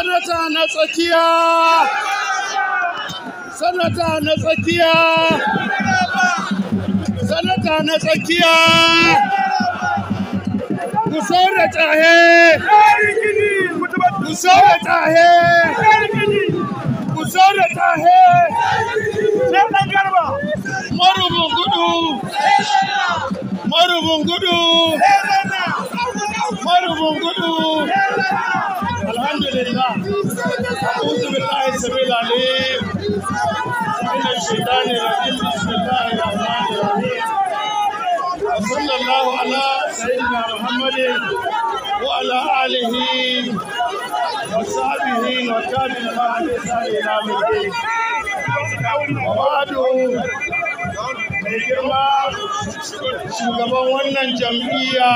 sanata na tsakiya sanata na tsakiya sanata na tsakiya ku saura tahe ku saura ku saura marubun gudu marubun gudu الحمد لله أعوذ بالله السميع العليم من الشيطان الرجيم بسم الله الرحمن الرحيم وصلى الله على سيدنا محمد وعلى آله وصحبه وتابعين مع الإحسان إلى الدين وبعده mai girma shugaban wannan jam'iyya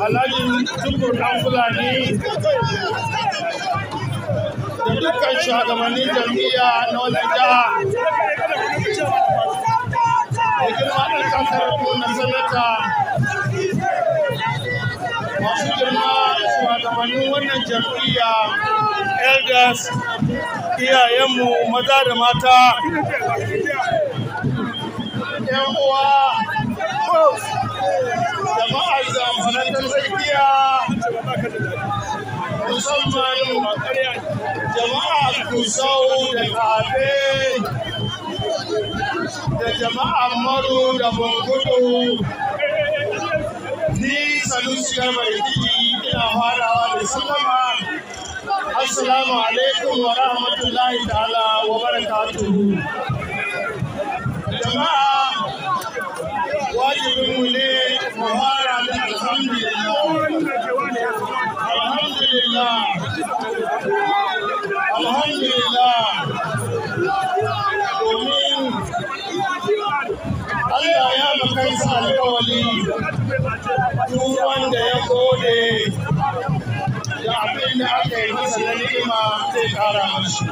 alhaji tukur dan fulani da dukkan shugabannin jam'iyya na wannan da. da girma ɗan kakararku na sanata masu girma shugabannin wannan jam'iyya elders iyayenmu maza da mata yan uwa jama'ar zamfanar tsakiya musamman Jama'a kusau da kafe da jama'a maru da bangudu ni salusiyar mai ina farawa da sallama assalamu alaikum wa rahmatullahi ta'ala wa barakatuhu jama'a wajibinmu ne mu fara da alhamdulillah alhamdulillah alhamdulillah domin Allah ya makansa alkawali duk wanda ya gode da abin da aka yi masa na ni'ima zai kara mashi.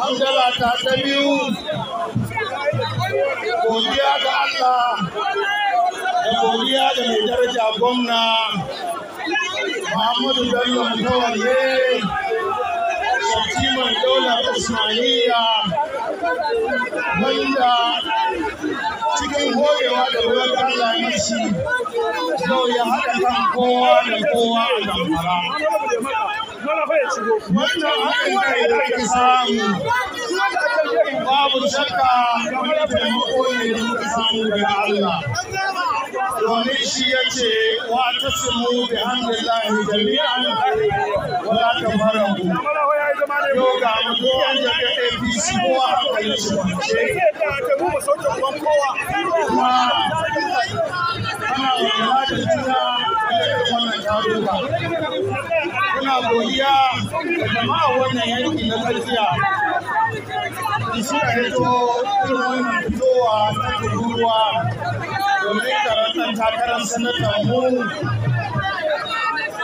Hamdala ta ta biyu, godiya ga Allah godiya da mai daraja gwamna Muhammadu Bello Mutawalle, Shatiman Daular Usmaniya, wanda cikin gogewa da ruwan Allah mishi yau ya haɗa kan kowa da kowa a damfara. Wannan haɗin kai da ake samu babu shakka wani taimako ne da muka samu daga Allah. domin shi ya ce wa ta simu bi hamdillahi jami'an wala ta farahu yau ga mutum yan daga apc kowa hankali shi kwance kuma ana wula da juna wannan ba. muna godiya da jama'a wannan yanki na tsakiya da suka fito irin wannan fitowa ta ruwa domin karatun takarar sanatan mu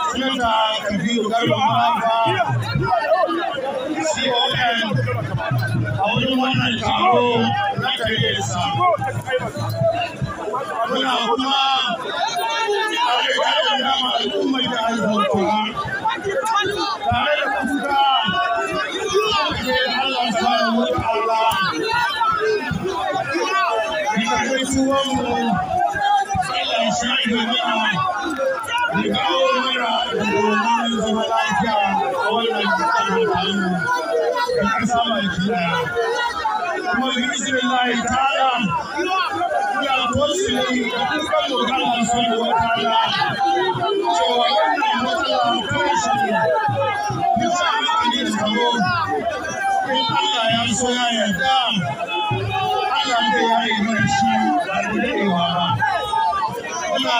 sanata kabiru garba mahafa con a wani wannan taro na tarihisa muna kuma a dama al'ummar da an zautuwa tare da kuka ke Allah subhanahu wa ta'ala da kai suwanmu sha'i jama'a da kawo mara da domin zama lafiya a wannan kasar tamu da kasa baki daya. Kuma bismillahi ta'ala ina tausiri da dukkan magana sun wata na cewa wannan matsala kawai shi ne. Bisa hankali da tsaro in Allah ya so ya yarda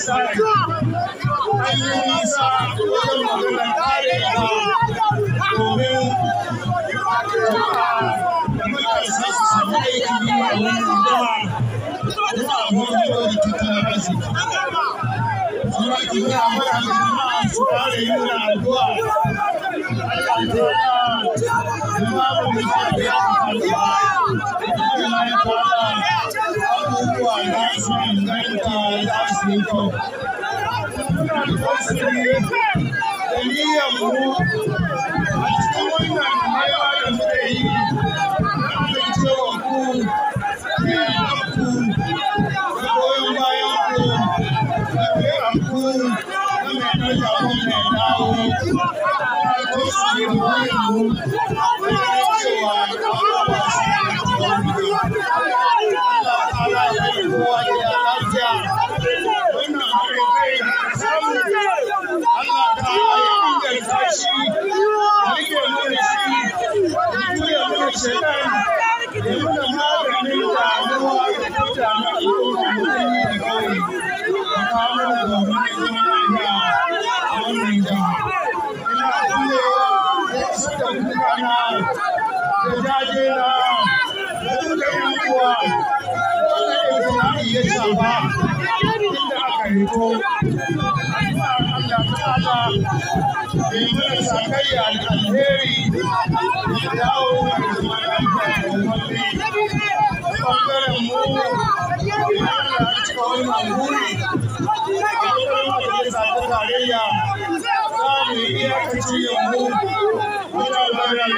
sare an yi nisa wajen maganar kare da domin matasa su samu aikin yi a wannan jama'a kuma a gudunar da tattalin arziki. Kuma ki yi a mara jama'a su kare yi na addu'a. Allah ya kuma mu da ya addu'a. Allah ya kuma who are nice men, like uh, last week. Unfortunately, the year who has going on never the day, not the show of who they are cool, the royal by our room, the way of cool, the manager of the now, the coach of the royal room. ya shafa inda aka riko Allah ta'ala ya yi mana sakayya da alheri ya dawo da zaman lafiya da ɓangaren mu ya Allah cika wani mamuri a ɓangaren majalisa ta tarayya za mu yi iyakacin yammu wajen bayan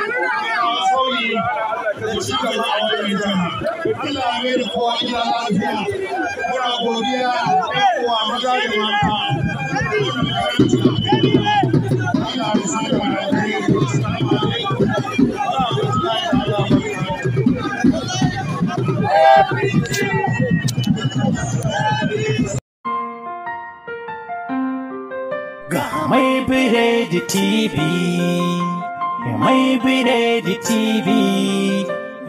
sauyi da ci gaba da Allah mai TV, kowa ina lafiya TV.